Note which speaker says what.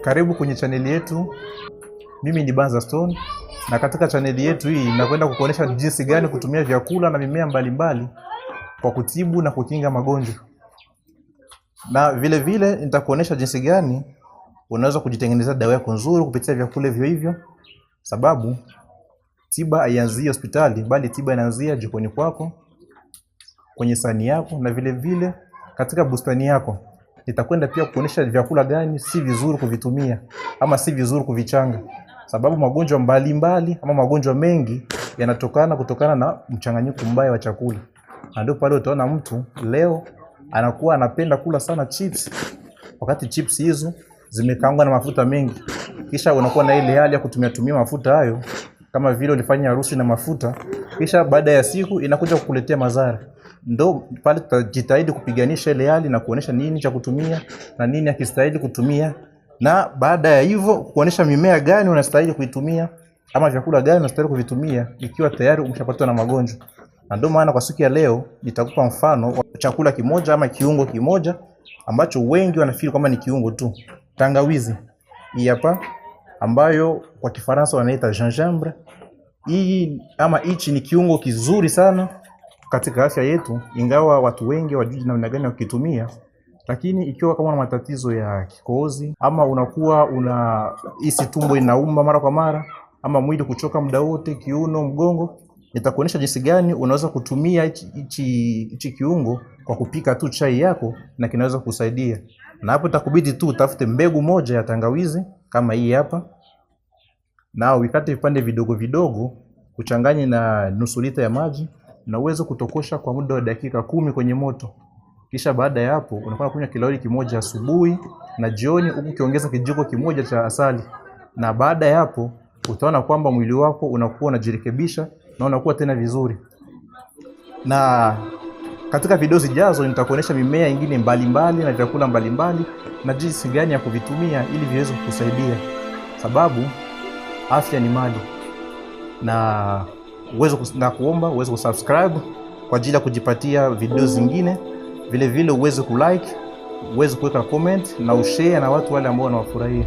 Speaker 1: Karibu kwenye chaneli yetu. Mimi ni Banza Stone, na katika chaneli yetu hii nakwenda kukuonesha jinsi gani kutumia vyakula na mimea mbalimbali kwa kutibu na kukinga magonjwa, na vile vile nitakuonesha jinsi gani unaweza kujitengenezea dawa yako nzuri kupitia vyakula hivyo hivyo, sababu tiba haianzii hospitali, bali tiba inaanzia jikoni kwako, kwenye sani yako, na vile vile katika bustani yako nitakwenda pia kuonyesha vyakula gani si vizuri kuvitumia ama si vizuri kuvichanga, sababu magonjwa mbalimbali ama magonjwa mengi yanatokana kutokana na mchanganyiko mbaya wa chakula, na ndio pale utaona mtu leo anakuwa anapenda kula sana chips, wakati chips hizo zimekaangwa na mafuta mengi, kisha unakuwa na ile hali ya kutumia tumia mafuta hayo kama vile ulifanya harusi na mafuta, kisha baada ya siku inakuja kukuletea madhara ndo pale tutajitahidi kupiganisha ile hali na kuonesha nini cha kutumia na nini akistahili kutumia, na baada ya hivyo kuonesha mimea gani unastahili kuitumia ama vyakula gani unastahili kuvitumia ikiwa tayari umeshapatwa na magonjwa. Na ndio maana kwa siku ya leo nitakupa mfano wa chakula kimoja ama kiungo kimoja ambacho wengi wanafikiri kwamba ni kiungo tu. Tangawizi hii hapa, ambayo kwa Kifaransa wanaita gingembre. Hii ama hichi ni kiungo kizuri sana katika afya yetu, ingawa watu wengi wajui namna gani wakitumia lakini ikiwa kama una matatizo ya kikohozi ama unakuwa una hisi tumbo inauma mara kwa mara ama mwili kuchoka muda wote, kiuno, mgongo, nitakuonyesha jinsi gani unaweza kutumia hichi kiungo kwa kupika tu chai yako na kinaweza kusaidia. Na hapo itakubidi tu utafute mbegu moja ya tangawizi kama hii hapa, na uikate vipande vidogo vidogo, uchanganye na nusu lita ya maji na uwezo kutokosha kwa muda wa dakika kumi kwenye moto. Kisha baada ya hapo unakuwa kunywa kilauli kimoja asubuhi na jioni, huku ukiongeza kijiko kimoja cha asali, na baada ya hapo utaona kwamba mwili wako unakuwa unajirekebisha na unakuwa tena vizuri. Na katika video zijazo nitakuonyesha mimea ingine mbalimbali na vyakula mbalimbali na jinsi gani ya kuvitumia ili viweze kukusaidia, sababu afya ni mali na uweze na kuomba uweze kusubscribe kwa ajili ya kujipatia video zingine, vile vile uweze kulike, uweze kuweka comment na ushare na watu wale ambao wanawafurahia.